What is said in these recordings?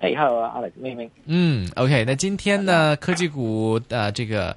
誒，hello 啊，Alex，嗯，OK，那今天呢科技股啊，呃，這個。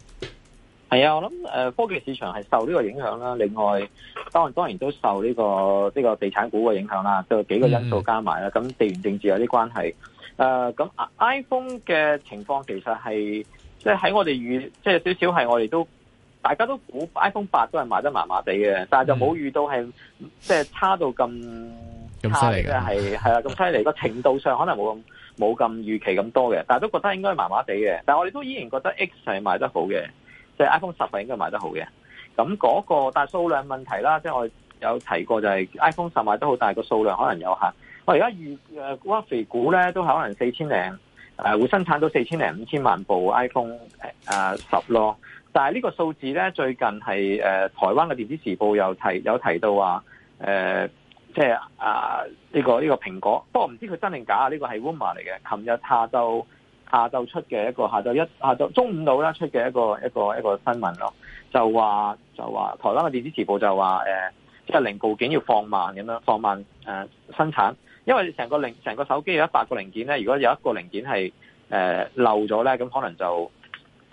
係啊，我諗誒、呃，科技市場係受呢個影響啦。另外，當然當然都受呢、這個呢、這個地產股嘅影響啦。就有幾個因素加埋啦。咁、mm hmm. 地緣政治有啲關係。誒、呃，咁 iPhone 嘅情況其實係即係喺我哋預，即係少少係我哋都大家都估 iPhone 八都係賣得麻麻地嘅，mm hmm. 但係就冇遇到係即係差到咁咁犀利嘅係係啦，咁犀利個程度上可能冇咁冇咁預期咁多嘅，但係都覺得應該係麻麻地嘅。但係我哋都依然覺得 X 係賣得好嘅。即係 iPhone 十係應該賣得好嘅，咁嗰、那個但係數量問題啦，即、就、係、是、我有提過就係 iPhone 十賣得好，但係個數量可能有限。我而家預誒，挖、呃、肥股咧都可能四千零誒，會、呃、生產到四千零五千萬部 iPhone 誒、呃、啊十咯。但係呢個數字咧最近係誒、呃、台灣嘅電子時報有提有提到話誒，即係啊呢個呢、這個蘋、這個、果，我不過唔知佢真定假啊？呢、這個係 rumour 嚟嘅。琴日下晝。下晝出嘅一個下晝一下晝中午到啦出嘅一個一個一個新聞咯，就話就話台灣嘅電子時報就話誒，即、呃、係、就是、零部件要放慢咁樣放慢誒、呃、生產，因為成個零成個手機有一百個零件咧，如果有一個零件係誒、呃、漏咗咧，咁可能就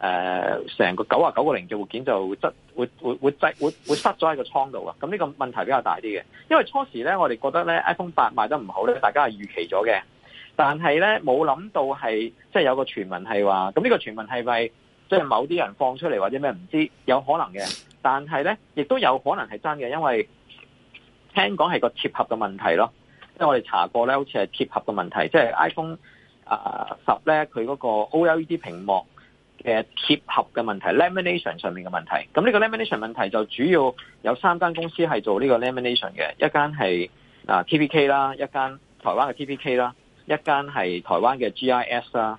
誒成、呃、個九啊九個零件就塞會會會擠會會塞咗喺個倉度啊！咁呢個問題比較大啲嘅，因為初時咧我哋覺得咧 iPhone 八賣得唔好咧，大家係預期咗嘅。但係咧，冇諗到係即係有個傳聞係話，咁呢個傳聞係咪即係某啲人放出嚟或者咩唔知，有可能嘅。但係咧，亦都有可能係真嘅，因為聽講係個貼合嘅問題咯。因為我哋查過咧，好似係貼合嘅問題，即係 iPhone 啊、呃、十咧佢嗰個 OLED 屏幕嘅貼合嘅問題，lamination 上面嘅問題。咁呢個 lamination 問題就主要有三間公司係做呢個 lamination 嘅，一間係啊 TPK 啦，一間台灣嘅 TPK 啦。一間係台灣嘅 G I S 啦，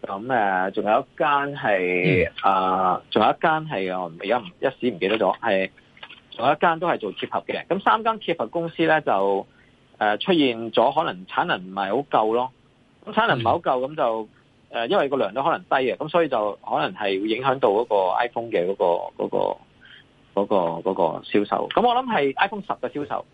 咁誒仲有一間係啊，仲、嗯呃、有一間係我而家一時唔記得咗，係仲有一間都係做貼合嘅。咁三間貼合公司咧就誒、呃、出現咗可能產能唔係好夠咯。咁產能唔係好夠咁就誒、呃，因為個量都可能低嘅，咁所以就可能係會影響到嗰個 iPhone 嘅嗰、嗰個嗰、嗰個嗰、嗰個嗰個、銷售。咁我諗係 iPhone 十嘅銷售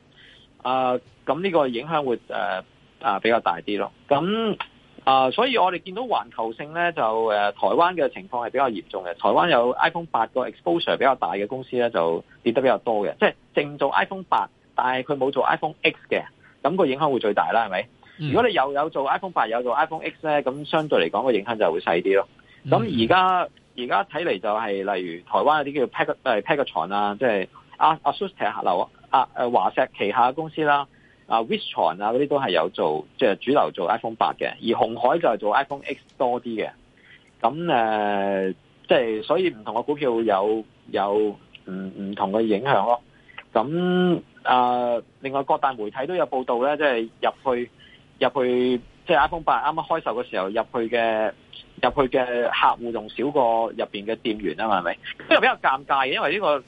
啊，咁、呃、呢個影響會誒。呃啊，比較大啲咯，咁啊，所以我哋見到環球性咧就誒、啊，台灣嘅情況係比較嚴重嘅。台灣有 iPhone 八個 exposure 比較大嘅公司咧，就跌得比較多嘅，即係淨做 iPhone 八，但係佢冇做 iPhone X 嘅，咁個影響會最大啦，係咪？嗯、如果你又有做 iPhone 八，又有做 iPhone X 咧，咁相對嚟講、個影響就會細啲咯。咁而家而家睇嚟就係例如台灣有啲叫 pack a c k 嘅廠啦，即係阿 Suster 客流阿誒華碩旗下嘅公司啦。Uh, 啊 Wishon 啊，嗰啲都係有做，即係主流做 iPhone 八嘅，而鴻海就係做 iPhone X 多啲嘅。咁誒即係所以唔同嘅股票有有唔唔同嘅影響咯。咁誒，另外各大媒體都有報道咧，即係入去入去即係 iPhone 八啱啱開售嘅時候，入去嘅入去嘅客戶仲少過入邊嘅店員啊嘛，係咪？所以比較尷尬嘅，因為呢個。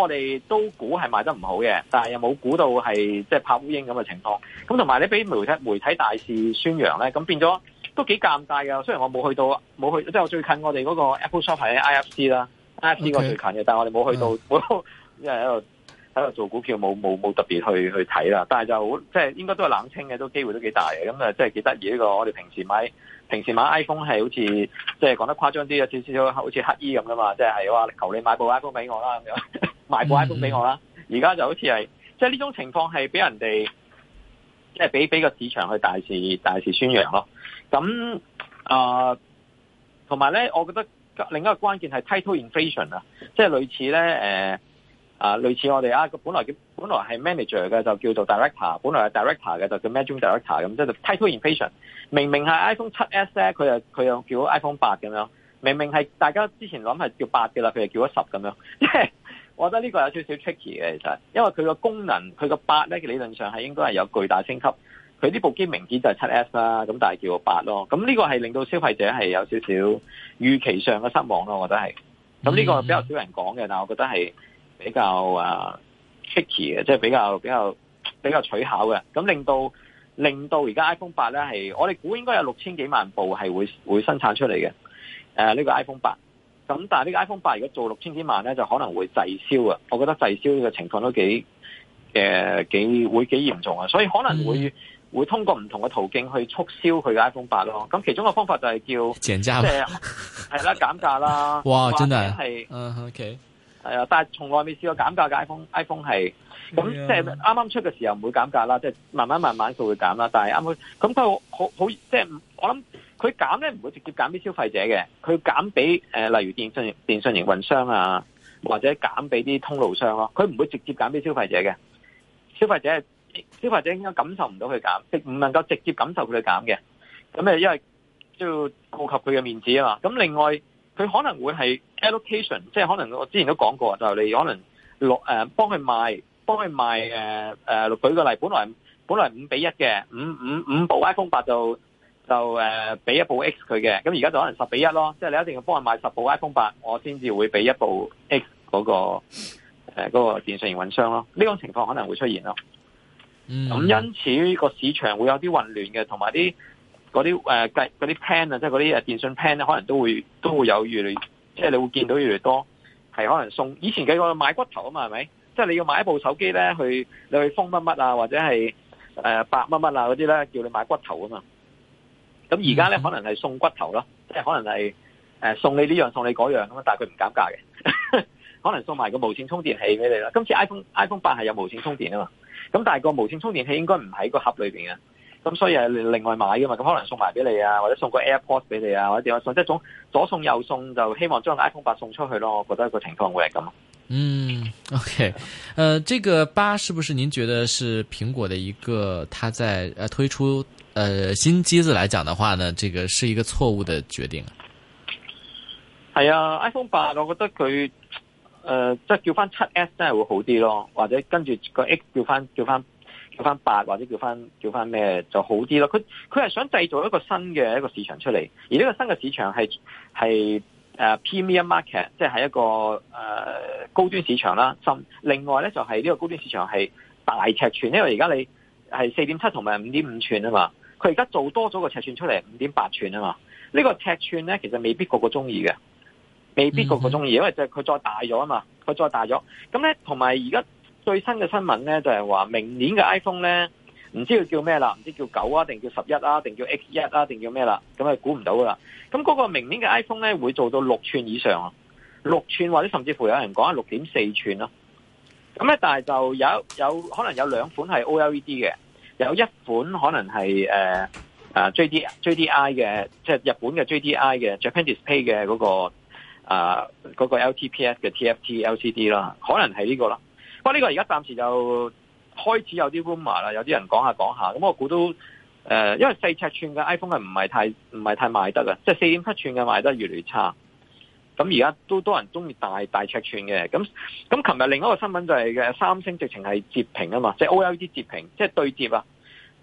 我哋都估係賣得唔好嘅，但係又冇估到係即係拍烏蠅咁嘅情況。咁同埋你俾媒體媒體大肆宣揚咧，咁變咗都幾尷尬嘅。雖然我冇去到冇去，即係我，Okay. 我最近我哋嗰個 Apple Shop 喺 IFC 啦，IFC 我最近嘅，但係我哋冇去到因為喺度喺度做股票冇冇冇特別去去睇啦。但係就好即係應該都係冷清嘅，都機會都幾大嘅。咁、嗯、啊，即係幾得意呢個我哋平時買平時買 iPhone 係好似即係講得誇張啲有少少好似乞衣咁噶嘛，即係係話求你買部 iPhone 俾我啦咁樣。 買部 iPhone 俾我啦，而家就好似係，即係呢種情況係俾人哋，即係俾俾個市場去大肆大肆宣揚咯。咁啊，同埋咧，我覺得另一個關鍵係 title inflation 啊，即係類似咧誒啊，類似我哋啊，個本來本來係 manager 嘅就叫做 director，本來係 director 嘅就叫 managing director 咁，即係 title inflation。明明係 iPhone 七 S 咧，佢又佢又叫 iPhone 八咁樣，明明係大家之前諗係叫八嘅啦，佢又叫咗十咁樣，即係我覺得呢個有少少 tricky 嘅，其實，因為佢個功能，佢個八咧，理論上係應該係有巨大升級。佢呢部機明顯就係七 S 啦，咁但係叫八咯。咁呢個係令到消費者係有少少預期上嘅失望咯。我覺得係。咁呢個比較少人講嘅，但係我覺得係比較啊 tricky 嘅，即係比較比較比較取巧嘅。咁令到令到而家 iPhone 八咧係，我哋估應該有六千幾萬部係會會生產出嚟嘅。誒、呃，呢、呢個 iPhone 八。咁但係呢個 iPhone 八如果做六千幾萬咧，就可能會滯銷啊！我覺得滯銷呢個情況都幾誒、呃、幾會幾嚴重啊！所以可能會、嗯、會通過唔同嘅途徑去促銷佢嘅 iPhone 八咯。咁其中個方法就係叫減價，即係係啦減價啦。哇！真係，係 O K，係啊。或者係，但係從來未試過減價嘅 iPhone iPhone 係咁，即係啱啱出嘅時候唔會減價啦，即係慢慢慢慢就會減啦。但係啱啱咁都好好，即係我諗。佢減咧唔會直接減俾消費者嘅，佢減俾、呃、例如電信電信營運商啊，或者減俾啲通路商咯、啊。佢唔會直接減俾消費者嘅。消費者消費者應該感受唔到佢減，亦唔能夠直接感受佢減嘅。咁誒，因為要顧及佢嘅面子啊嘛。咁另外，佢可能會係 allocation，即係可能我之前都講過，就係、是、你可能落幫佢賣，幫佢賣誒誒、呃。舉個例，本來本來五比一嘅，五五五部 iPhone 八就。就誒俾、呃、一部 X 佢嘅，咁而家就可能十比一咯，即係你一定要幫我買十部 iPhone 八，我先至會俾一部 X 嗰、嗰個誒嗰、呃嗰個電信營運商咯。呢種情況可能會出現咯。咁、嗯嗯、因此個市場會有啲混亂嘅，同埋啲嗰啲誒計嗰啲 plan 啊，即係嗰啲電信 plan 咧，可能都會都會有越嚟，即係你會見到越嚟越多係可能送。以前幾個買骨頭啊嘛，係咪？即係你要買一部手機咧去你去封乜乜啊，或者係誒百乜乜啊嗰啲咧，叫你買骨頭啊嘛。咁而家咧，可能係送骨頭咯，即係可能係誒送你呢樣，送你嗰樣咁啊，但係佢唔減價嘅，可能送埋個無線充電器俾你啦。今次 iPhone, iPhone iPhone 八係有無線充電啊嘛，咁但係個無線充電器應該唔喺個盒裏邊嘅，咁所以係另外買噶嘛，咁可能送埋俾你啊，或者送個 AirPods 俾你啊，或者點樣送？即係總左送右送，就希望將 iPhone 八送出去咯。我覺得個情況會係咁。嗯，OK，誒、呃，這個八是不是您覺得是蘋果的一個，它在誒、呃、推出？誒，新機子來講的話呢，這個是一個錯誤的決定。係啊，iPhone 八，我覺得佢誒，即、呃、係叫翻七 S 真係會好啲咯，或者跟住個 X 叫翻叫翻叫翻八，或者叫翻叫翻咩就好啲咯。佢佢係想製造一個新嘅一個市場出嚟，而呢個新嘅市場係係誒 Premium Market，即係一個誒、呃、高端市場啦。甚另外呢，就係呢個高端市場係大尺寸，因為而家你係四點七同埋五點五寸啊嘛。佢而家做多咗個尺寸出嚟，五點八寸啊嘛，呢個尺寸咧其實未必個個中意嘅，未必個個中意，因為就係佢再大咗啊嘛，佢再大咗，咁咧同埋而家最新嘅新聞咧就係話，明年嘅 iPhone 咧唔知佢叫咩啦，唔知叫九啊定叫十一啊定叫 X 一啊定叫咩啦，咁啊估唔到噶啦，咁嗰個明年嘅 iPhone 咧會做到六寸以上啊，六寸或者甚至乎有人講係六點四寸咯，咁咧但係就有有可能有兩款係 OLED 嘅。有一款可能係誒誒 J D I J D I 嘅，即係日本嘅 J D I 嘅 Japan Display 嘅、嗰個、呃嗰個 L T P S 嘅 T F T L C D 啦，可能係呢個啦。不過呢個而家暫時就開始有啲 rumor 啦，有啲人講下講下，咁我估都誒因為細尺寸嘅 iPhone 係唔係太唔係太賣得啊？即係四點七寸嘅賣得越嚟越差。咁而家都多人中意大大尺寸嘅，咁咁，琴日另一個新聞就係嘅三星直情係折屏啊嘛，即係 O L E D 折屏，即係對摺啊，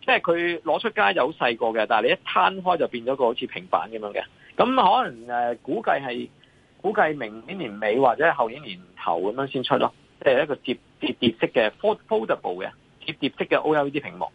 即係佢攞出街就好細個嘅，但係你一攤開就變咗個好似平板咁樣嘅。咁可能誒，估計係估計明年年尾或者後年年頭咁樣先出咯，即係一個折折疊式嘅 foldable 嘅折疊式嘅 O L E D 屏幕。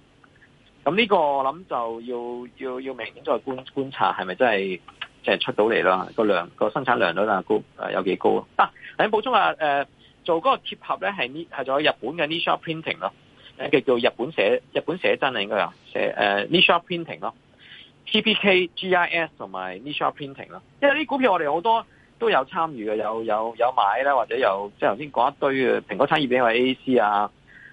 咁呢個我諗就要要要明年再觀觀察係咪真係？即係出到嚟啦，個量、個生產量率啊高，有幾高啊？啊，你補充下、啊呃、做嗰個貼合咧呢係、呃、做日本嘅 Nissha Printing 咯，誒叫做日本寫日本寫真啊，應該啊寫、呃、Nissha Printing 咯、呃，TPK、GIS 同埋 Nissha Printing 咯、呃，因為啲股票我哋好多都有參與嘅，有有有買啦，或者有即係頭先講一堆嘅蘋果產業嘅 AAC 啊，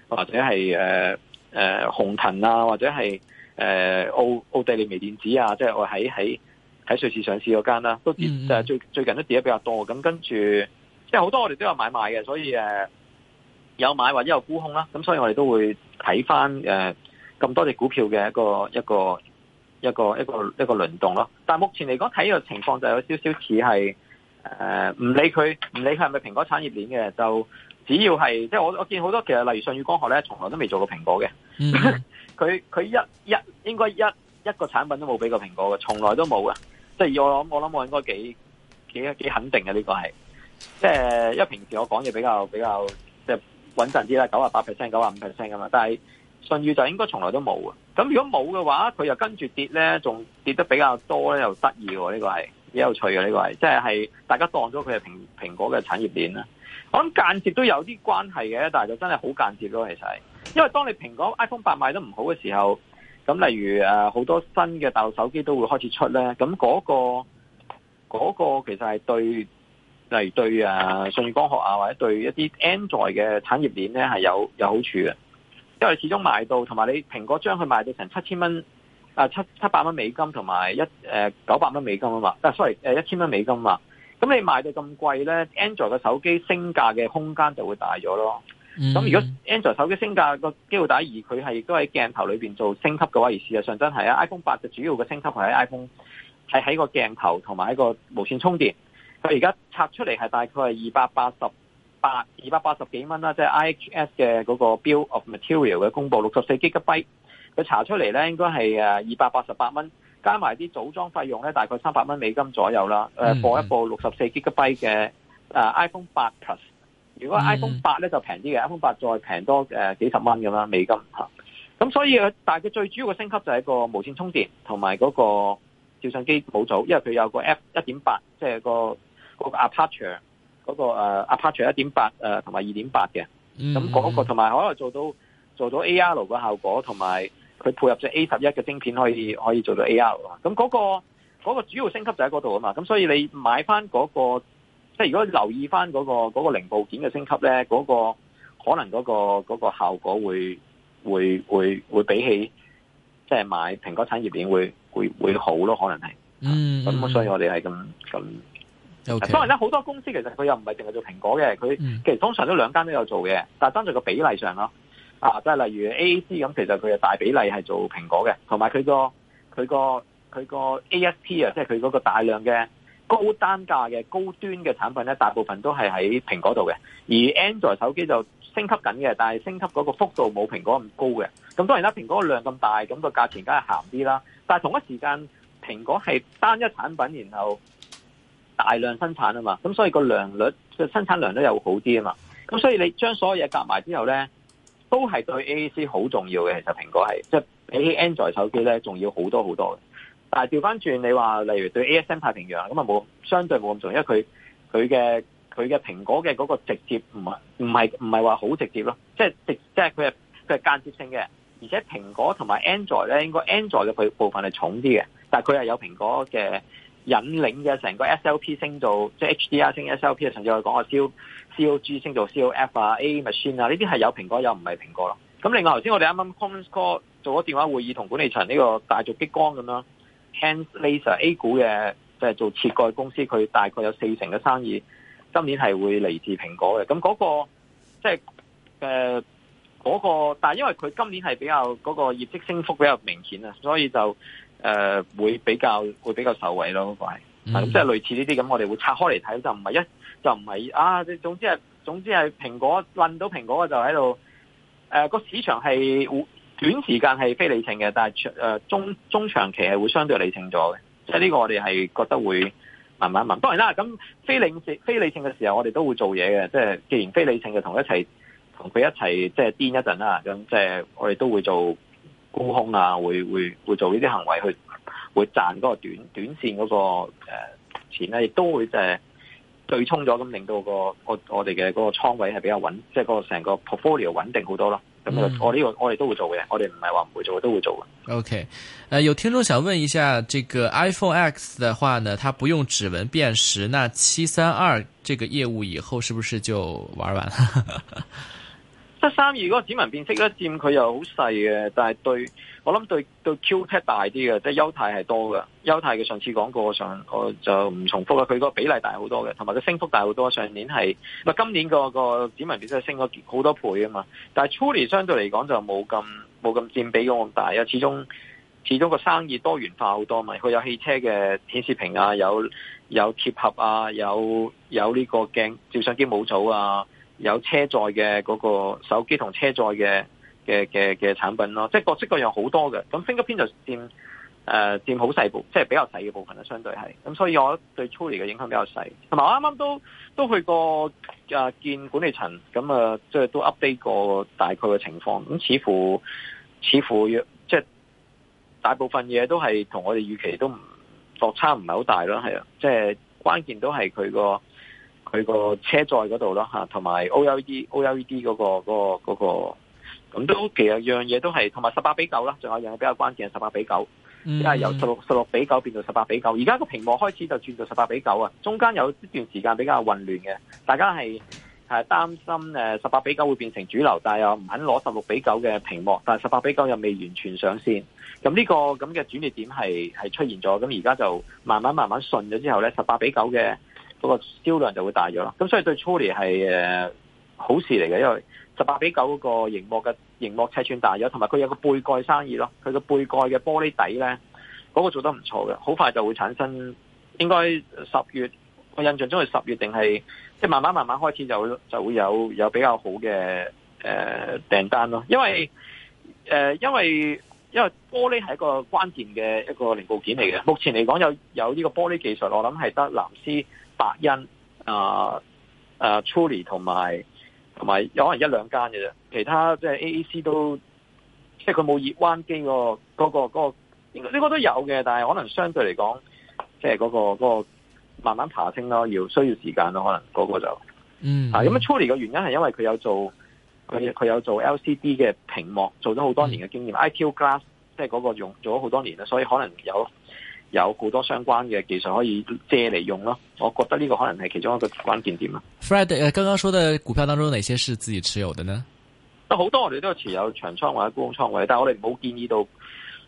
或者係誒、呃呃、紅騰啊，或者係誒奧奧地利微電子啊，即係我喺喺。喺瑞士上市嗰間啦，都跌，誒最最近都跌得比較多。咁跟住，即係好多我哋都有買賣嘅，所以誒有買或者有沽空啦。咁所以我哋都會睇翻誒咁多隻股票嘅一個一個一個一個一個輪動咯。但係目前嚟講睇呢個情況就有少少似係誒唔理佢唔理佢係咪蘋果產業鏈嘅，就只要係即係我我見好多其實例如舜宇光學咧，從來都未做過蘋果嘅，佢佢 一一應該一一個產品都冇俾過蘋果嘅，從來都冇啊。即係我諗，我諗我，我應該幾幾幾肯定嘅呢個係，即、呃、係因為平時我講嘢比較比較即係穩陣啲啦，九啊八 percent、九啊五 percent 噶嘛，但係信譽就應該從來都冇嘅。咁如果冇嘅話，佢又跟住跌咧，仲跌得比較多咧，又得意喎呢個係，幾有趣嘅呢個係，即係係大家當咗佢係蘋蘋果嘅產業鏈啦。我諗間接都有啲關係嘅，但係就真係好間接咯，其實係，因為當你蘋果 iPhone 八賣得唔好嘅時候。咁例如誒好、啊、多新嘅大陸手機都會開始出咧，咁嗰、嗰個嗰、嗰個其實係對，例如對誒、啊、舜宇光學啊，或者對一啲 Android 嘅產業鏈咧係有有好處嘅，因為始終賣到，同埋你蘋果將佢賣到成七千蚊啊七七百蚊美金，同埋一九百蚊美金啊嘛，但係 sorry 一千蚊美金嘛，咁你賣到咁貴咧，Android 嘅手機升價嘅空間就會大咗咯。咁如果 Android 手機升價個機會大，而佢係都喺鏡頭裏面做升級嘅話，而事實上真係啊，iPhone 八就主要嘅升級係喺 iPhone 係喺個鏡頭同埋一個無線充電。佢而家拆出嚟係大概二百八十八二百八十幾蚊啦，即係 IHS 嘅嗰個 Bill of Material 嘅公布六十四 GB。佢查出嚟咧應該係誒二百八十八蚊，加埋啲組裝費用咧大概三百蚊美金左右啦。誒、呃、播一部六十四 GB 嘅 iPhone 八 Plus。如果 iPhone 8呢、mm hmm. iPhone 八咧就平啲嘅，iPhone 八再平多、呃、幾十蚊咁啦，美金咁、啊、所以，但係佢最主要嘅升級就係個無線充電同埋嗰個照相機冇組，因為佢有個 app 一點八、那個，即、那、係個 aperture、那、嗰個、uh, aperture 一點八同埋二點八、呃、嘅。咁嗰、mm hmm. 那個同埋可能做到做到 AR 嘅效果，同埋佢配合咗 A 十一嘅晶片，可以可以做到 AR 咁嗰、那個嗰、那個、主要升級就喺嗰度啊嘛。咁所以你買翻、那、嗰個。即係如果留意翻、那、嗰、個那個零部件嘅升級咧，嗰、那個可能嗰、那個嗰、那個效果會會會會比起即係買蘋果產業鏈會會會好咯，可能係。嗯。咁、啊嗯、所以我哋係咁咁。OK。當然咧，好多公司其實佢又唔係淨係做蘋果嘅，佢其實通常都兩間都有做嘅，但係當在個比例上咯。啊，即係例如 AAC 咁，其實佢係大比例係做蘋果嘅，同埋佢個佢個佢個 ASP 啊，即係佢嗰個大量嘅。高單價嘅高端嘅產品咧，大部分都係喺蘋果度嘅，而 Android 手機就升級緊嘅，但係升級嗰個幅度冇蘋果咁高嘅。咁當然啦，蘋果個量咁大，咁、個價錢梗係咸啲啦。但係同一時間，蘋果係單一產品，然後大量生產啊嘛，咁所以個量率生產量都有好啲啊嘛。咁所以你將所有嘢夾埋之後咧，都係對 AAC 好重要嘅。其實蘋果係即係比起 Android 手機咧，仲要好多好多嘅。但係調翻轉你話，例如對 ASM 太平洋咁啊，冇相對冇咁重要，因為佢佢嘅佢嘅蘋果嘅嗰個直接唔唔係唔係話好直接咯，即係直即係佢係佢係間接性嘅，而且蘋果同埋 Android 咧，應該 Android 嘅部部分係重啲嘅，但係佢係有蘋果嘅引領嘅成個 SLP 升做，即係 HDR 升 SLP 啊，甚至係講個 COG 升做 COF 啊，A Machine 啊，呢啲係有蘋果又唔係蘋果咯。咁另外頭先我哋啱啱 con call 做咗電話會議同管理層呢個大族激光咁樣。Ans Laser A 股嘅，即係做切割公司，佢大概有四成嘅生意今年係會嚟自蘋果嘅。咁嗰、那個即係誒嗰個，但係因為佢今年係比較嗰、那個業績升幅比較明顯啊，所以就誒、呃、會比較會比較受惠咯。咁即係類似呢啲咁，我哋會拆開嚟睇，就唔係一就唔係啊。總之係總之係蘋果運到蘋果啊，就喺度誒個市場係會。呃短時間係非理性嘅，但係長誒中中長期係會相對理性咗嘅，即係呢個我哋係覺得會慢慢問。當然啦，咁非理性非理性嘅時候，我哋都會做嘢嘅。即係既然非理性嘅，同一齊同佢一齊即係癲一陣啦。咁即係我哋都會做沽空啊，會會會做呢啲行為去，會賺嗰個短短線嗰個誒錢咧，亦都會誒對沖咗，咁令到個我我哋嘅嗰個倉位係比較穩，即係個成個 portfolio 穩定好多咯。咁、嗯、我呢個我哋都會做嘅，我哋唔係話唔會做，都會做嘅。OK，誒、呃，有聽眾想問一下，這個 iPhone X 的話呢，它不用指紋辨識，那七三二這個業務以後是不是就玩完了？ 得三二個指紋辨識咧，佔佢又好細嘅，但係對我諗對，對 q p a t、AC、大啲嘅，即係優泰係多嘅，優泰嘅上次講過，我上我就唔重複啦，佢個比例大好多嘅，同埋佢升幅大好多。上年係咪、呃、今年個個指紋辨識升咗好多倍啊嘛？但係 Truly 相對嚟講就冇咁冇咁佔比咁大，因始終始終個生意多元化好多嘛，佢有汽車嘅顯示屏啊，有有貼合啊，有有呢個鏡、照相機模組啊。有車載嘅嗰個手機同車載嘅嘅嘅嘅產品咯，即係各式各樣好多嘅。咁 finger pin 就佔誒、呃、佔好細部，即係比較細嘅部分啦。相對係，咁所以我對 cooler 嘅影響比較細。同埋我啱啱都都去過啊見管理層，咁啊即係都 update 過大概嘅情況。咁似乎似乎即係大部分嘢都係同我哋預期都唔落差唔係好大咯。係啊，即係關鍵都係佢個。佢個車載嗰度咯嚇，同埋 OLED、OLED、嗰個嗰個嗰個咁都其實樣嘢都係，同埋十八比九啦，仲有一樣比較關鍵係十八比九，即係由十六十六比九變到十八比九，而家個屏幕開始就轉到十八比九啊，中間有一段時間比較混亂嘅，大家係係擔心誒十八比九會變成主流，但係又唔肯攞十六比九嘅屏幕，但係十八比九又未完全上線，咁呢個咁嘅轉折點係係出現咗，咁而家就慢慢慢慢順咗之後咧，十八比九嘅。嗰個銷量就會大咗咯，咁所以對初年係誒好事嚟嘅，因為十八比九嗰個熒幕嘅熒幕尺寸大咗，同埋佢有個背蓋生意咯，佢個背蓋嘅玻璃底咧，嗰、那個做得唔錯嘅，好快就會產生，應該十月我印象中係十月定係即係慢慢慢慢開始就就會有有比較好嘅誒、呃、訂單咯，因為誒、呃、因為因為玻璃係一個關鍵嘅一個零部件嚟嘅，目前嚟講有有呢個玻璃技術，我諗係得藍思。白欣啊啊，Truly 同埋同埋，i, 有，有可能一兩間嘅啫。其他即係 A A C 都，即係佢冇熱彎機嗰個嗰、嗰個應該呢個都有嘅，但係可能相對嚟講，即係嗰、嗰個嗰、嗰個慢慢爬升咯，要需要時間咯，可能嗰個就嗯啊咁樣。嗯、Truly 嘅原因係因為佢有做佢佢有做 L C D 嘅屏幕，做咗好多年嘅經驗。嗯、I Q Glass 即係嗰個用咗好多年啦，所以可能有。有好多相關嘅技術可以借嚟用咯，我覺得呢個可能係其中一個關鍵點啊 Fred，誒，剛剛、呃、說的股票當中，哪些是自己持有的呢？啊，好多我哋都有持有長倉或者沽空倉位，但係我哋冇建議到，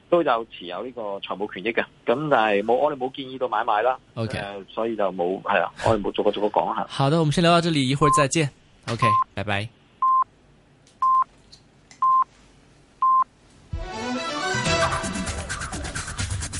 都有持有呢個財務權益嘅，咁但係冇我哋冇建議到買賣啦。OK，、呃、所以就冇係啊，我哋冇逐個逐個講下。 好的，我們先聊到這裏，一會兒再見。OK，拜拜。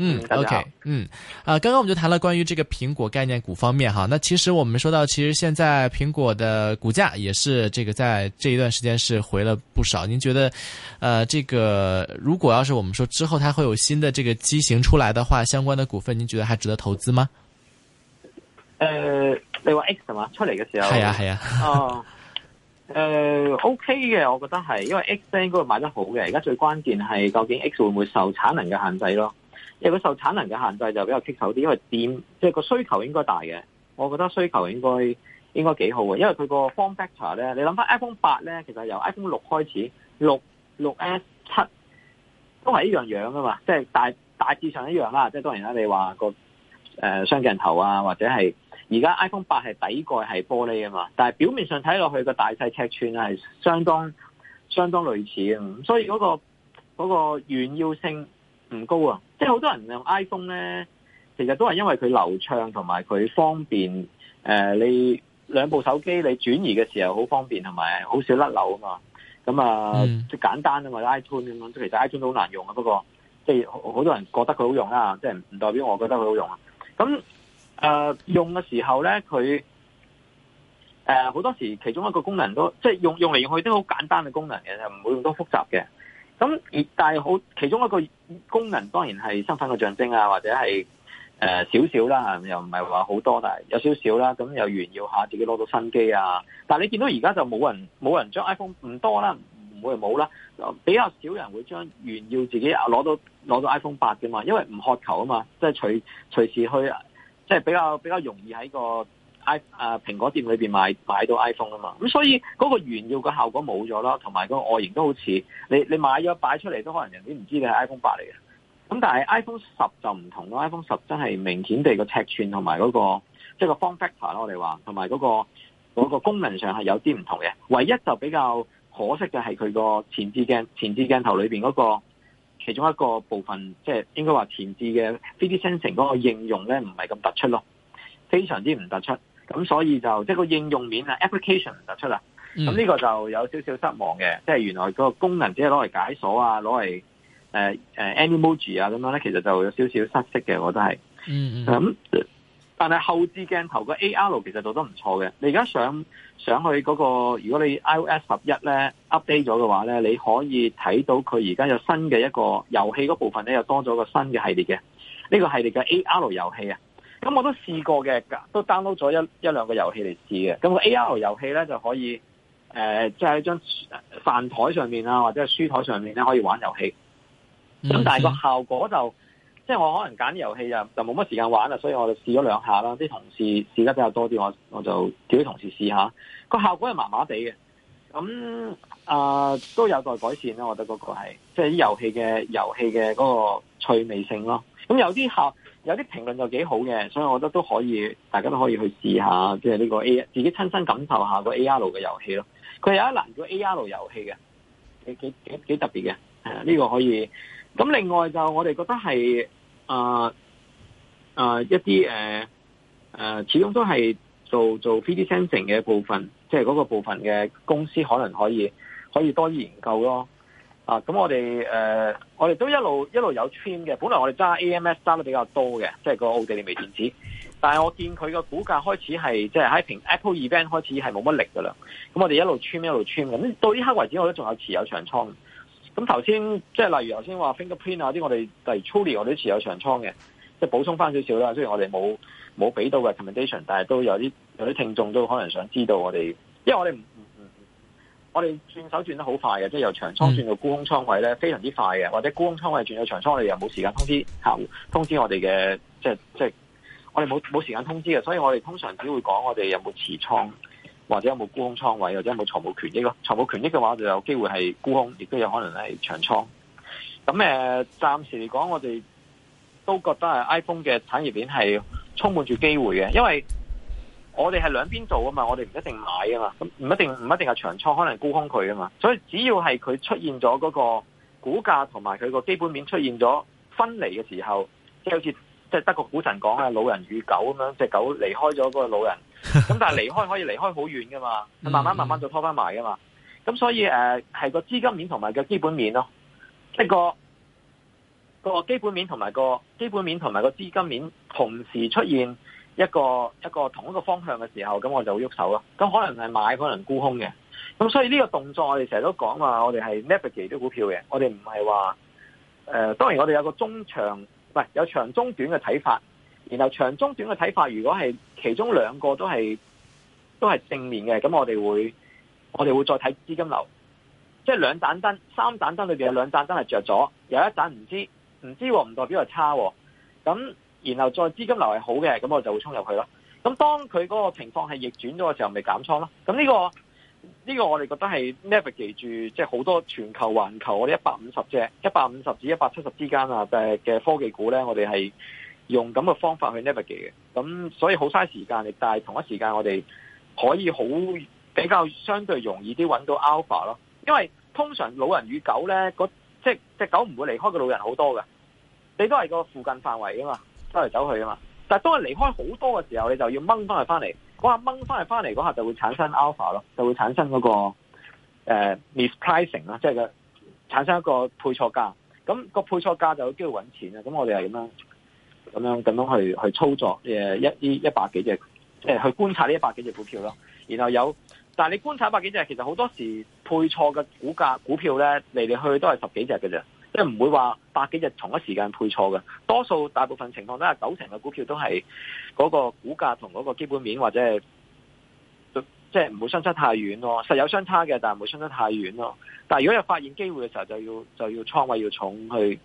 嗯謝謝、啊、OK，嗯，啊、呃，剛剛我們就談了關於這個蘋果概念股方面哈，那其實我們說到，其實現在蘋果的股價也是這個在這一段時間是回了不少。您覺得，呃，這個如果要是我們說之後它會有新的這個機型出來的話，相關的股份，您覺得還值得投資嗎？呃，你話 X 嘛出嚟嘅時候，係呀係呀，哦，呃，OK 嘅，我覺得係因為 X 應該會賣得好嘅，而家最關鍵係究竟 X 會唔會受產能嘅限制咯？即係佢受產能嘅限制就比較棘手啲，因為點即係個需求應該大嘅。我覺得需求應該應該幾好嘅，因為佢個 form factor 咧，你諗翻 iPhone 八咧，其實由 iPhone 六開始，六六 S 七都係一樣樣噶嘛，即係大大致上一樣啦。即係當然啦、那個，你話個誒雙鏡頭啊，或者係而家 iPhone 八係底蓋係玻璃啊嘛，但係表面上睇落去個大細尺寸咧係相當相當類似嘅，所以嗰個嗰個炫耀性唔高啊。即係好多人用 iPhone 咧，其實都係因為佢流暢同埋佢方便。誒、呃，你兩部手機你轉移嘅時候好方便，同埋好少甩流啊嘛。咁啊，即、呃、係、嗯、簡單啊嘛 iPhone 咁樣。其實 iPhone 都好難用啊，不過即係好多人覺得佢好用啦。即係唔代表我覺得佢好用啊。咁誒、呃、用嘅時候咧，佢誒好多時其中一個功能都即係用用嚟用去都好簡單嘅功能嘅，唔會用多複雜嘅。咁但係好其中一個功能當然係身份嘅象徵啊，或者係誒少少啦，又唔係話好多，但係有少少啦，咁又炫耀下自己攞到新機啊！但係你見到而家就冇人冇人將 iPhone 唔多啦，唔會冇啦，比較少人會將炫耀自己攞到攞到 iPhone 八嘅嘛，因為唔渴求啊嘛，即係隨，隨時去，即係比較比較容易喺個。i 果店裡買買到 iPhone 啊嘛，咁所以嗰個原料個效果冇咗啦，同埋嗰個外形都好似你你買咗擺出嚟都可能人哋唔知你係 iPhone 八嚟嘅。咁但係 iPhone 十就唔同咯，iPhone 十真係明顯地個尺寸同埋嗰個即係、就是、個 form factor 咯，我哋話同埋嗰個功能上係有啲唔同嘅。唯一就比較可惜嘅係佢個前置鏡前置鏡頭裏面嗰個其中一個部分，即、就、係、是、應該話前置嘅 f d sensing 那個應用咧唔係咁突出咯，非常之唔突出。咁所以就即係、就是、個應用面啊，application 就出啦。咁呢個就有少少失望嘅，即、就、係、是、原來個功能只係攞嚟解鎖啊，攞嚟、呃、Animoji 啊咁樣咧，其實就有少少失色嘅，我覺得係。咁、嗯嗯嗯、但係後置鏡頭個 AR 其實做得唔錯嘅。你而家上上去嗰、那個，如果你 iOS 十一咧 update 咗嘅話咧，你可以睇到佢而家有新嘅一個遊戲嗰部分咧，又多咗個新嘅系列嘅。呢、這個系列嘅 AR 遊戲啊。咁我都試過嘅，都 download 咗一一兩個遊戲嚟試嘅。咁、那個 AR 遊戲咧就可以，誒、呃，即係喺張飯台上面啊，或者書台上面咧可以玩遊戲。咁、嗯、但係個效果就，嗯、即係我可能揀啲遊戲就就冇乜時間玩啦，所以我就試咗兩下啦。啲同事試得比較多啲，我我就叫啲同事試下。個效果係麻麻地嘅，咁啊、呃、都有待改善啦。我覺得嗰個係，即係啲遊戲嘅遊戲嘅嗰個趣味性咯。咁有啲效。有啲評論就幾好嘅，所以我覺得都可以，大家都可以去試下，即係呢個 A，自己親身感受下個 A R 嘅遊戲咯。佢有一欄叫 A R 遊戲嘅，幾幾特別嘅，係啊，呢個可以。咁另外就我哋覺得係啊啊一啲誒誒，始終都係做做 three D sensing 嘅部分，即係嗰個部分嘅公司，可能可以可以多啲研究咯。啊，咁我哋誒、呃，我哋都一路一路有 trim 嘅。本來我哋揸 AMS 揸得比較多嘅，即係個奧地利微電子。但係我見佢個股價開始係即係喺蘋 Apple event 開始係冇乜力噶啦。咁我哋一路 trim 一路 trim 咁，到呢刻為止我都仲有持有長倉。咁頭先即係例如頭先話 fingerprint 啊啲，我哋例如 Truly 我都持有長倉嘅，即係補充翻少少啦。雖然我哋冇冇俾到嘅 recommendation，但係都有啲有啲聽眾都可能想知道我哋，因為我哋唔。我哋轉手轉得好快嘅，即係由長倉轉到沽空倉位咧，非常之快嘅。或者沽空倉位轉到長倉，我哋又冇時間通知客戶，通知我哋嘅，即係即係，我哋冇冇時間通知嘅。所以我哋通常只會講我哋有冇持倉，或者有冇沽空倉位，或者有冇財務權益咯。財務權益嘅話，就有機會係沽空，亦都有可能係長倉。咁誒，暫時嚟講，我哋都覺得係 iPhone 嘅產業鏈係充滿住機會嘅，因為。我哋係兩邊做啊嘛，我哋唔一定買啊嘛，咁唔一定唔一定係長倉，可能沽空佢啊嘛。所以只要係佢出現咗嗰個股價同埋佢個基本面出現咗分離嘅時候，即係好似即係德國股神講嘅「老人與狗」咁樣，隻狗離開咗個老人，咁 但係離開可以離開好遠噶嘛，慢慢慢慢就拖翻埋噶嘛。咁所以誒係、呃、個資金面同埋個基本面咯，一、那個個基本面同埋個基本面同埋個資金面同時出現，一個一個同一個方向嘅時候，咁我就會喐手咯。咁可能係買，可能沽空嘅。咁所以呢個動作我，我哋成日都講話，我哋係 navigate 啲股票嘅。我哋唔係話誒，當然我哋有個中長，唔、呃、係有長中短嘅睇法。然後長中短嘅睇法，如果係其中兩個都係都係正面嘅，咁我哋會我哋會再睇資金流，即係兩盞燈、三盞燈裏邊有兩盞燈係着咗，有一盞唔知唔知，唔代表係差咁。然後再資金流係好嘅，咁我就會衝入去咯。咁當佢嗰個情況係逆轉咗嘅時候，咪減倉咯。咁呢、這個呢、這個我哋覺得係 navigate 住，即係好多全球環球我哋一百五十隻、一百五十至一百七十之間啊嘅嘅科技股咧，我哋係用咁嘅方法去 navigate 嘅。咁所以好嘥時間，但係同一時間我哋可以好比較相對容易啲揾到 alpha 咯。因為通常老人與狗咧，即係、就是、隻狗唔會離開個老人好多嘅，你都係個附近範圍啊嘛。走嚟走去啊嘛，但係當係離開好多嘅時候，你就要掹翻去翻嚟。嗰下掹翻去翻嚟，嗰下就會產生 alpha 咯，就會產生嗰個誒 mispricing 啦，即係個產生一個配錯價。咁個配錯價就有機會揾錢啊！咁我哋係咁樣咁樣咁樣去去操作誒一一百幾隻，即係去觀察呢一百幾隻股票咯。然後有，但係你觀察一百幾隻，其實好多時配錯嘅股價股票咧嚟嚟去去都係十幾隻嘅啫。即係唔會話百幾日同一時間配錯嘅，多數大部分情況都係九成嘅股票都係嗰個股價同嗰個基本面或者係，即係唔會相差太遠咯。實有相差嘅，但係唔會相差太遠咯。但係如果有發現機會嘅時候，就要就要倉位要重去，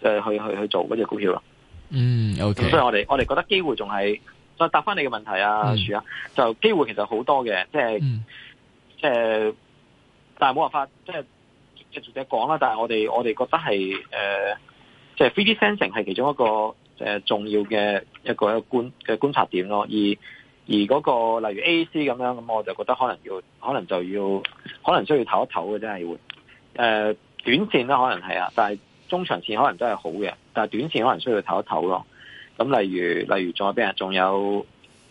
去去去做嗰隻股票啦。嗯、okay. 所以我哋我哋覺得機會仲係，再答翻你嘅問題啊，樹啊、嗯，就機會其實好多嘅，即係、嗯、即係，但係冇辦法，即係。直接講啦，但係我哋我哋覺得係誒，即係 three D sensing 係其中一個誒、呃、重要嘅一個一個觀嘅觀察點咯。而而嗰、那個例如 A C 咁樣，咁、嗯、我就覺得可能要，可能就要，可能需要唞一唞嘅真係會誒、呃、短線咧，可能係啊，但係中長線可能都係好嘅，但係短線可能需要唞一唞咯。咁例如例如仲有邊啊，仲有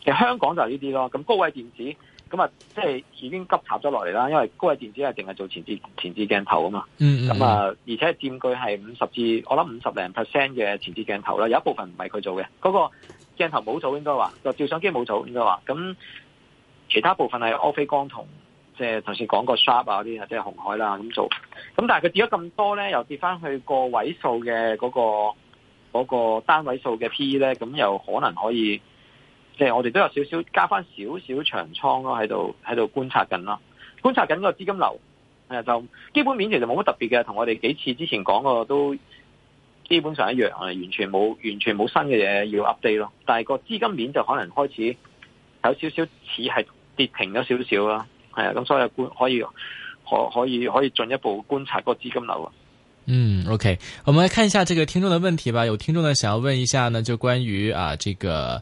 其實香港就係呢啲咯。咁高位電子。咁啊，即係已經急插咗落嚟啦，因為高位電子係淨係做前置前置鏡頭啊嘛。嗯咁、嗯嗯、啊，而且佔據係五十至我諗五十零 percent 嘅前置鏡頭啦，有一部分唔係佢做嘅，嗰、嗰個鏡頭冇做應該話，就照相機冇做應該話。咁其他部分係歐菲光同，即係頭先講過 Sharp 啊嗰啲啊，即係紅海啦咁做。咁但係佢跌咗咁多咧，又跌翻去個位數嘅嗰、嗰個嗰、嗰個單位數嘅 PE 咧，咁又可能可以。即係我哋都有少少加翻少少長倉咯，喺度喺度觀察緊咯，觀察緊個資金流，係啊，就基本面其實冇乜特別嘅，同我哋幾次之前講個都基本上一樣，係完全冇完全冇新嘅嘢要 update 咯。但係個資金面就可能開始有少少似係跌停咗少少啦，係啊，咁所以觀可以可可以可以進一步觀察個資金流啊。嗯，OK，我們來看一下這個聽眾的問題吧。有聽眾呢想要問一下呢，就關於啊這個。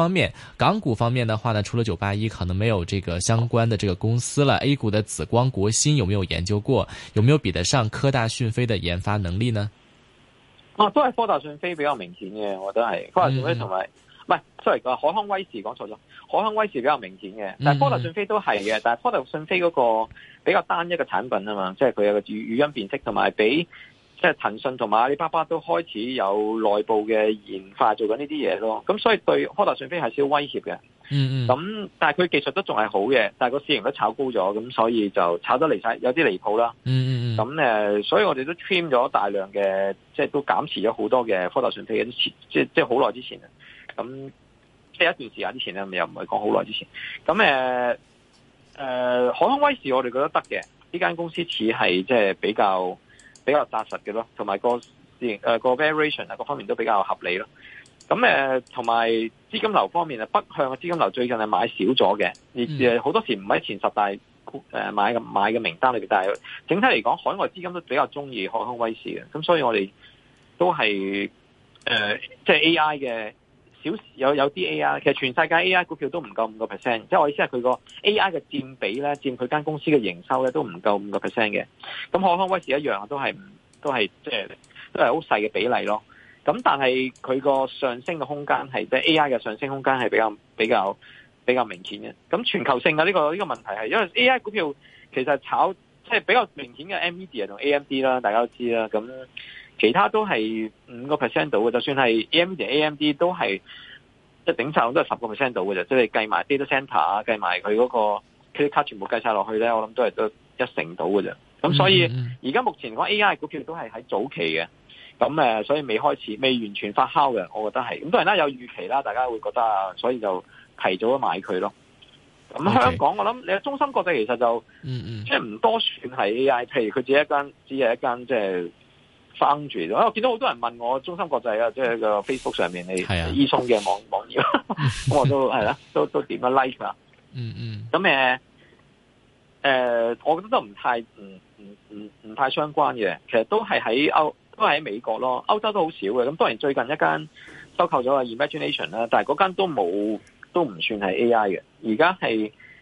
方面，港股方面的話呢，除了九八一，可能沒有這個相關的這個公司了。A 股的紫光、國芯有沒有研究過？有沒有比得上科大訊飛的研發能力呢？哦、啊，都係科大訊飛比較明顯嘅，我覺得係科大訊飛同埋，唔係、嗯、sorry，講海康威視講錯咗，海康威視比較明顯嘅，但係科大訊飛都係嘅，嗯、但係科大訊飛嗰個比較單一嘅產品啊嘛，即係佢有個語語音辨識同埋比，即係騰訊同埋阿里巴巴都開始有內部嘅研發做緊呢啲嘢咯，咁所以對科大訊飛係少威脅嘅。嗯嗯、mm。咁但係佢技術都仲係好嘅，但係個市盈率都炒高咗，咁所以就炒得離晒，有啲離譜啦。嗯嗯咁誒，所以我哋都 trim 咗大量嘅，即係都減持咗好多嘅科大訊飛嘅，即即係好耐之前啊。咁即係一段時間之前咧，又唔係講好耐之前。咁誒誒，海康威視我哋覺得得嘅，呢間公司似係即係比較。比較紮實嘅咯，同埋個市誒、呃、個 variation 啊，各方面都比較合理咯。咁誒，同埋資金流方面啊，北向嘅資金流最近係買少咗嘅，而誒好多時唔喺前十大誒、呃、買嘅買嘅名單裏邊，但係整體嚟講，海外資金都比較中意海康威視嘅，咁所以我哋都係誒即係 AI 嘅。少有有啲 AI，其實全世界 AI 股票都唔夠五個 percent，即係我意思係佢個 AI 嘅佔比咧，佔佢間公司嘅營收咧都唔夠五個 percent 嘅。咁海康威視一樣都係唔都係即係都係好細嘅比例咯。咁但係佢個上升嘅空間係即係 AI 嘅上升空間係比較比較比較明顯嘅。咁全球性嘅呢、呢個呢、呢個問題係因為 AI 股票其實炒即係、就是、比較明顯嘅 NVDA 同 AMD 啦，大家都知啦咁。其他都係五個 percent 到嘅，就算係 AMD、AMD 都係即係頂晒都係十個 percent 到嘅啫。即係計埋 data centre 啊，計埋佢嗰個 credit card 全部計晒落去咧，我諗都係得一成到嘅啫。咁所以而家目前講 AI 股票都係喺早期嘅，咁誒所以未開始、未完全發酵嘅，我覺得係咁，當然啦，有預期啦，大家會覺得啊，所以就提早咗買佢咯。咁香港 Okay. 我諗你嘅中芯國際其實就、mm hmm. 即係唔多算係 AI，譬如佢只係一間，只係一間即係。生住，我見到好多人問我中芯國際啊，即、就、係、是、個 Facebook 上面你伊松嘅網網頁，咁是、啊、 我都係啦、啊，都都點咗 like 啊。嗯嗯。咁誒誒，我覺得都唔太唔唔唔唔太相關嘅，其實都係喺歐都係喺美國咯，歐洲都好少嘅。咁當然最近一間收購咗個 Imagination 啦，但係嗰間都冇，都唔算係 AI 嘅。而家係。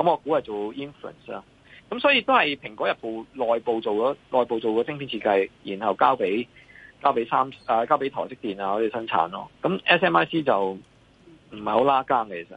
咁我估係做 influence 啦、啊，咁所以都係蘋果日部內部做咗內部做個芯片設計，然後交俾交俾三誒，交俾、啊、台積電啊嗰啲生產咯、啊，咁 SMIC 就唔係好拉更嘅其實。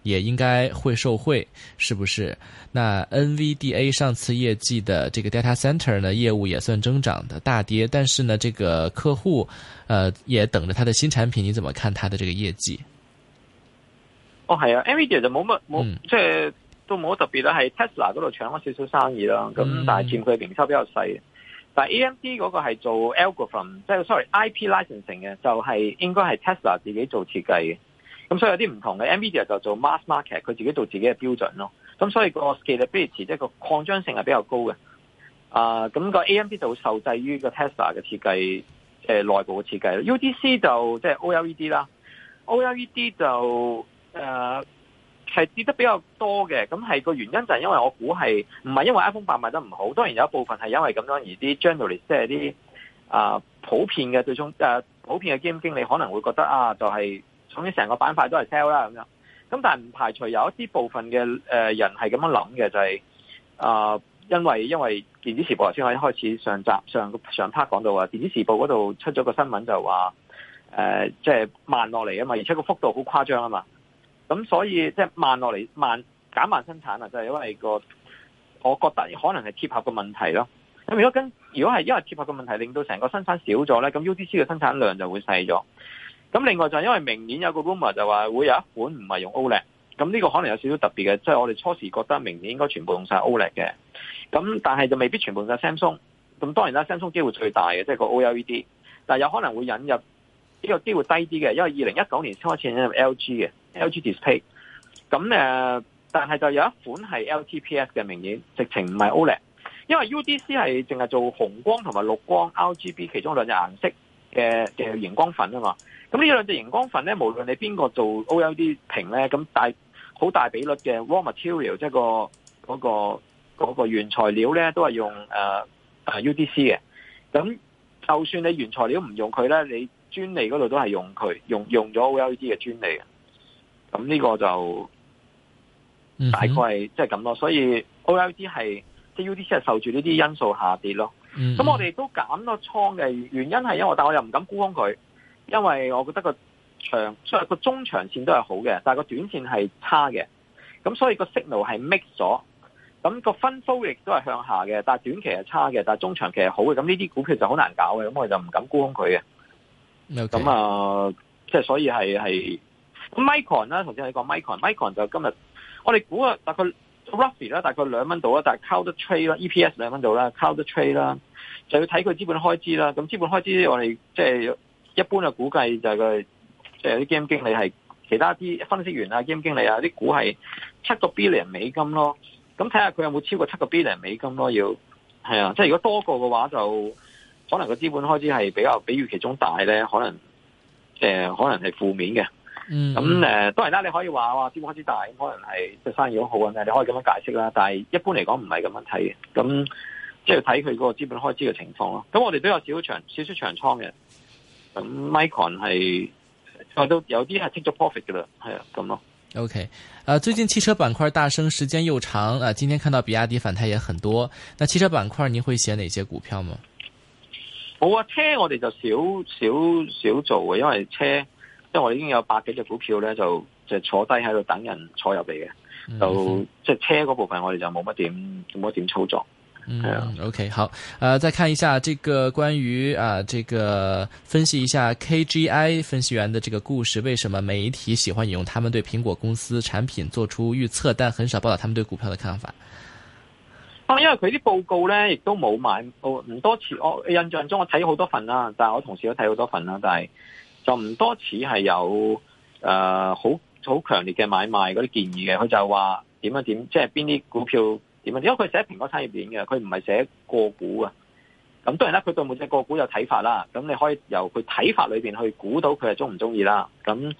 也應該會受惠，是不是？那 NVDA 上次業績的這個 data center 呢，業務也算增長的大跌，但是呢，這個客戶，呃，也等着他的新產品，你怎麼看他的這個業績？哦，係啊，NVDA 就冇乜，冇即係都冇好特別咯，係 Tesla 嗰度搶咗少少生意啦。咁但係佔佢營收比較細。嗯、但係 AMD 嗰個係做 algorithm，即、就、係、是、sorry IP licensing 嘅，就係、是、應該係 Tesla 自己做設計嘅。咁所以有啲唔同嘅，NVIDIA 就做 mass market，佢自己做自己嘅標準咯。咁所以個 scalability，即係個擴張性係比較高嘅。啊、呃，咁、那個 AMD 就受制於個 Tesla 嘅設計，誒、呃、內部嘅設計。UDC 就即係、就是、OLED 啦，OLED 就誒係、呃、跌得比較多嘅。咁係個原因就係因為我估係唔係因為 iPhone 八賣得唔好，當然有一部分係因為咁樣而啲 generally 即係啲啊普遍嘅最終、呃、普遍嘅基金經理可能會覺得啊，就係、是。總之，成個板塊都係 sell 啦咁樣。咁但係唔排除有一啲部分嘅人係咁樣諗嘅，就係、是、啊、呃，因為因為電子時報先我一開始上集上上 part 講到啊，電子時報嗰度出咗個新聞就話誒，即、呃、係、就係、慢落嚟啊嘛，而且個幅度好誇張啊嘛。咁所以即係慢落嚟慢減慢生產啊，就係、是、因為、個我覺得可能係貼合嘅問題咯。咁如果跟如果係因為貼合嘅問題令到成個生產少咗咧，咁 U D C 嘅生產量就會細咗。咁另外就係因為明年有個 rumor 就話會有一款唔係用 OLED，咁呢個可能有少少特別嘅，即係我哋初時覺得明年應該全部用曬 OLED 嘅，咁但係就未必全部用曬 Samsung，咁當然啦 Samsung 機會最大嘅，即係個 OLED，但係有可能會引入呢個機會低啲嘅，因為二零一九年先開始引入 LG 嘅 LG Display，咁但係就有一款係 LTPS 嘅，明年直情唔係 OLED，因為 UDC 係淨係做紅光同埋綠光 RGB 其中兩隻顏色。嘅嘅熒光粉啊嘛，咁呢兩隻熒光粉咧，無論你邊個做 OLED 屏咧，咁大好大比率嘅 raw material 即係個嗰個嗰個原材料咧，都係用誒誒 UDC 嘅。咁、呃啊、就算你原材料唔用佢咧，你專利嗰度都係用佢，用用咗 OLED 嘅專利嘅。咁呢個就大概係即係咁咯，mm hmm. 所以 OLED 係即係 UDC 係受住呢啲因素下跌咯。咁、嗯嗯、我哋都減多倉嘅，原因係因為，但我又唔敢沽空佢，因為我覺得個長，所以個中長線都係好嘅，但係個短線係差嘅，咁所以個 signal 係 mix 咗，咁、個分租亦都係向下嘅，但係短期係差嘅，但係中長期係好嘅，咁呢啲股票就好難搞嘅，咁我就唔敢沽空佢嘅。咁啊 okay.，即、呃、係所以係係。咁 Micron 咧，頭先你講 Micron，Micron 就今日我哋估啊，大概。Ruffy 啦，大概兩蚊度啦，但係 c o w l the trade 啦，EPS 兩蚊度啦 c o w l the trade 啦，就要睇佢資本開支啦。咁資本開支我哋即係一般嘅估計就係佢即係啲基金經理係其他啲分析員啊、基金經理啊啲股係七個 billion 美金咯。咁睇下佢有冇超過七個 billion 美金咯？要係啊，即係如果多過嘅話就，就可能個資本開支係比較比預期中大咧，可能誒、呃、可能係負面嘅。咁誒，嗯嗯當然啦，你可以話哇，資本開支大，可能係即生意好好啊，你可以咁樣解釋啦。但係一般嚟講唔係咁樣睇嘅，咁即係睇佢嗰個資本開支嘅情況咯。咁我哋都有少少長少少長倉嘅，咁 Micron 係我都有啲係 take 咗 profit 噶啦，係啊，咁咯。OK，啊，最近汽車板塊大升時間又長啊，今天看到比亞迪反彈也很多，那汽車板塊你會選哪些股票嗎？冇啊，車我哋就少少少做嘅，因為車。因為我已經有百幾隻股票咧，就就坐低喺度等人坐入嚟嘅，嗯、就、嗯、即係車嗰部分我哋就冇乜點冇乜點操作。嗯，OK，好，誒、呃，再看一下這個關於啊、呃，這個分析一下 KGI 分析員的這個故事，為什麼媒體喜歡引用他們對蘋果公司產品做出預測，但很少報道他們對股票的看法？因為佢啲報告咧亦都冇買，唔、哦、多次。我印象中我睇好多份啦、啊，但係我同事都睇好多份啦、啊，但係。就唔多似係有誒好好強烈嘅買賣嗰啲建議嘅，佢就話點樣點，即係邊啲股票點樣點，因為佢寫蘋果產業鏈嘅，佢唔係寫個股啊。咁當然啦，佢對每隻個,個股有睇法啦，咁你可以由佢睇法裏面去估到佢係中唔中意啦。咁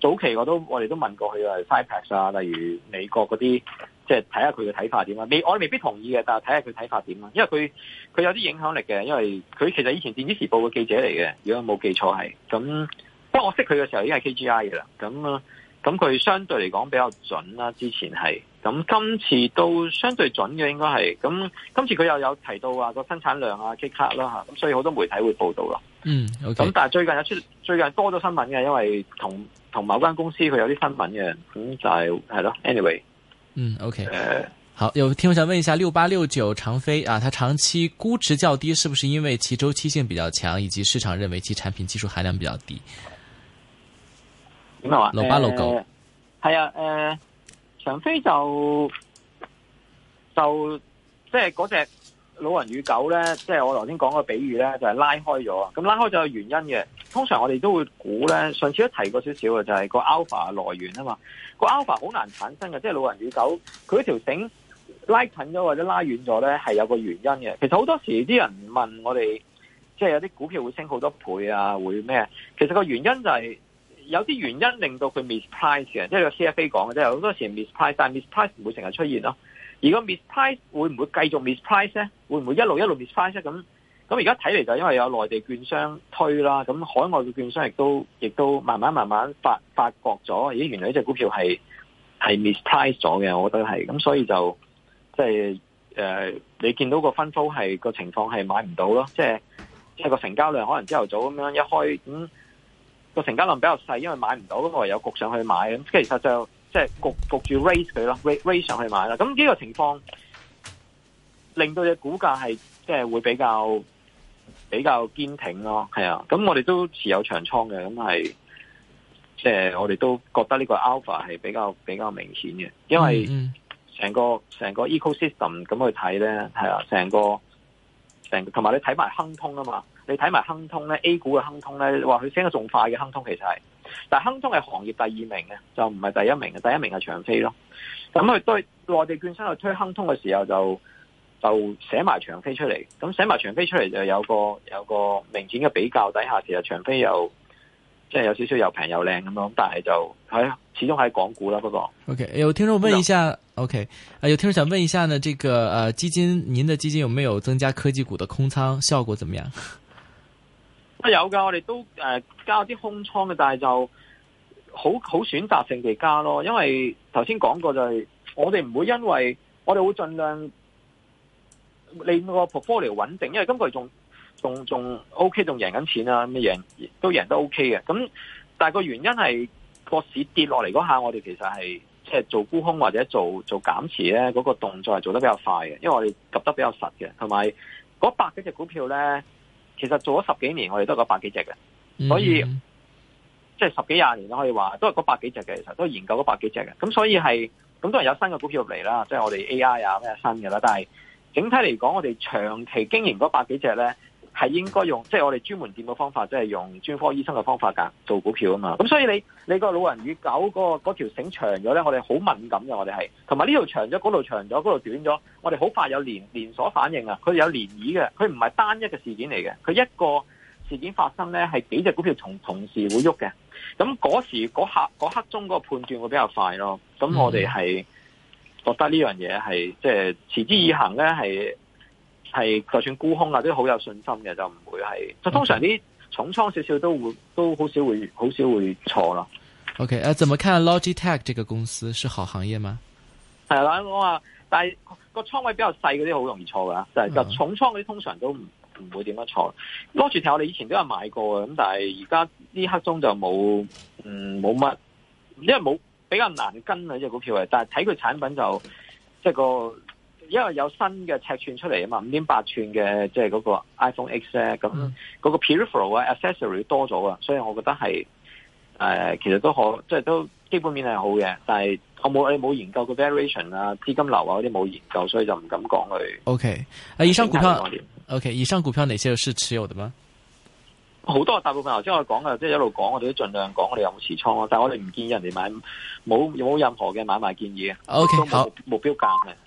早期我都我哋都問過佢 firepass 啊，例如美國嗰啲。即係睇下佢嘅睇法點啦，未我未必同意嘅，但係睇下佢睇法點啦。因為佢佢有啲影響力嘅，因為佢其實以前電子時報嘅記者嚟嘅，如果冇記錯係。咁不過我識佢嘅時候已經係 KGI 嘅啦。咁啊，咁佢相對嚟講比較準啦。之前係，咁今次都相對準嘅應該係。咁今次佢又有提到話個生產量啊、即卡啦吓，咁所以好多媒體會報道啦。嗯，咁、okay.。但係最近有出，最近多咗新聞嘅，因為同同某間公司佢有啲新聞嘅，咁就係、係、咯，anyway。嗯，OK，好有聽我想問一下六八六九長飛啊，它長期估值較低，是不是因為其周期性比較強，以及市場認為其產品技術含量比較低？點啊話？六八六九係啊，誒、呃，長飛就就即係嗰隻老人與狗咧，即係我頭先講個比喻咧，就係拉開咗啊，咁拉開咗嘅原因嘅。通常我哋都會估咧，上次都提過少少嘅，就係個 alpha 來源啊嘛，個 alpha 好難產生嘅，即係老人與狗，佢嗰條繩拉近咗或者拉遠咗咧，係有個原因嘅。其實好多時啲人問我哋，即係有啲股票會升好多倍啊，會咩？其實個原因就係、是、有啲原因令到佢 misprice 嘅，即係個 CFA 講嘅，即係好多時 misprice，但 misprice 唔會成日出現咯。而個 misprice 會唔會繼續 misprice 咧？會唔會一路一路 misprice 咁？咁而家睇嚟就因為有內地券商推啦，咁海外嘅券商亦都亦都慢慢慢慢發發覺咗，咦，原來呢隻股票係係 mispriced 咗嘅，我覺得係，咁所以就即係、就係呃、你見到個分佈係、嗰個情況係買唔到咯，即係即係個成交量可能朝頭早咁樣一開咁個、嗯、成交量比較細，因為買唔到咁我唯有焗上去買，咁其實就即係、就、焗、係、焗住 raise 佢咯，raise 上去買啦，咁呢個情況令到隻股價係即係會比較。比較堅挺咯，係啊，咁我哋都持有長倉嘅，咁係，即、呃、係我哋都覺得呢個 alpha 係比較比較明顯嘅，因為成個成個 ecosystem 咁去睇咧，係啊，成個成同埋你睇埋亨通啊嘛，你睇埋亨通咧，A 股嘅亨通咧，話佢升得仲快嘅亨通其實係，但係亨通係行業第二名嘅，就唔係第一名嘅，第一名係長飛咯，咁佢推內地券商去推亨通嘅時候就。就寫埋長飛出嚟，咁寫埋長飛出嚟就有個有個明顯嘅比較底下，其實長飛又即係有少少又平又靚咁樣，但係就喺始終喺港股啦，不過。OK，有聽眾問一下，嗯，OK，有聽眾想問一下呢？這個、呃、基金，您的基金有沒有增加科技股的空倉？效果怎麼樣？有噶，我哋都誒加啲空倉嘅，但係就好好選擇性地加咯，因為頭先講過就係我哋唔會因為我哋會盡量。你個 portfolio 穩定，因為今個月仲仲仲 OK，仲贏緊錢啊！咁嘅贏都贏得 OK 嘅。咁但係個原因係個市跌落嚟嗰下，下，我哋其實係即係做沽空或者做做減持咧，嗰個動作係做得比較快嘅，因為我哋執得比較實嘅，同埋嗰百幾隻股票咧，其實做咗十幾年，我哋都係嗰百幾隻嘅，嗯嗯所以即係十幾廿年可以話都係嗰百幾隻嘅，其實都係研究嗰百幾隻嘅。咁所以係咁當然有新嘅股票入嚟啦，即係我哋 AI 啊咩新嘅啦，但係。整體嚟講，我哋長期經營嗰百幾隻呢，係應該用即係、就是、我哋專門店嘅方法，即、就、係、是、用專科醫生嘅方法噶，做股票啊嘛。咁所以你你個老人與狗個嗰條繩長咗呢，我哋好敏感嘅，我哋係同埋呢度長咗，嗰度長咗，嗰度短咗，我哋好快有連連鎖反應啊！佢有漣漪嘅，佢唔係單一嘅事件嚟嘅，佢一個事件發生呢，係幾隻股票同同時會喐嘅。咁嗰時嗰刻嗰刻中個判斷會比較快咯。咁我哋係。嗯覺得呢樣嘢係即係持之以恒咧，係係、嗯、就算沽空啊，都好有信心嘅，就唔會係。就通常啲重倉少少都會、嗯、都好少會好少會錯咯。OK，誒、啊，怎麼看 Logitech 呢個公司是好行業嗎？係啦，我話但係個，個倉位比較細嗰啲好容易錯噶，就係、係、就重倉嗰啲通常都唔會點樣錯。嗯、Logitech 我哋以前都有買過咁，但係而家呢刻鐘就冇，嗯，冇乜，因為冇。比較難跟呢隻股票嘅，但係睇佢產品就即係個，因為有新嘅尺寸出嚟啊嘛，五點八寸嘅即係嗰個 iPhone X 咧，咁嗰個 peripheral 啊 accessory 多咗啊，所以我覺得係誒、呃、其實都可，即係都基本面係好嘅，但係我冇你冇研究個 variation 啊資金流啊嗰啲冇研究，所以就唔敢講佢。OK，啊以上股票，OK，以上股票哪些是持有的嗎？好多，大部分頭先我講嘅，即係一路講，我哋都盡量講，我哋有冇持倉咯。但係我哋唔建議人哋買，冇冇任何嘅買賣建議嘅。O Okay , K，都冇目標價。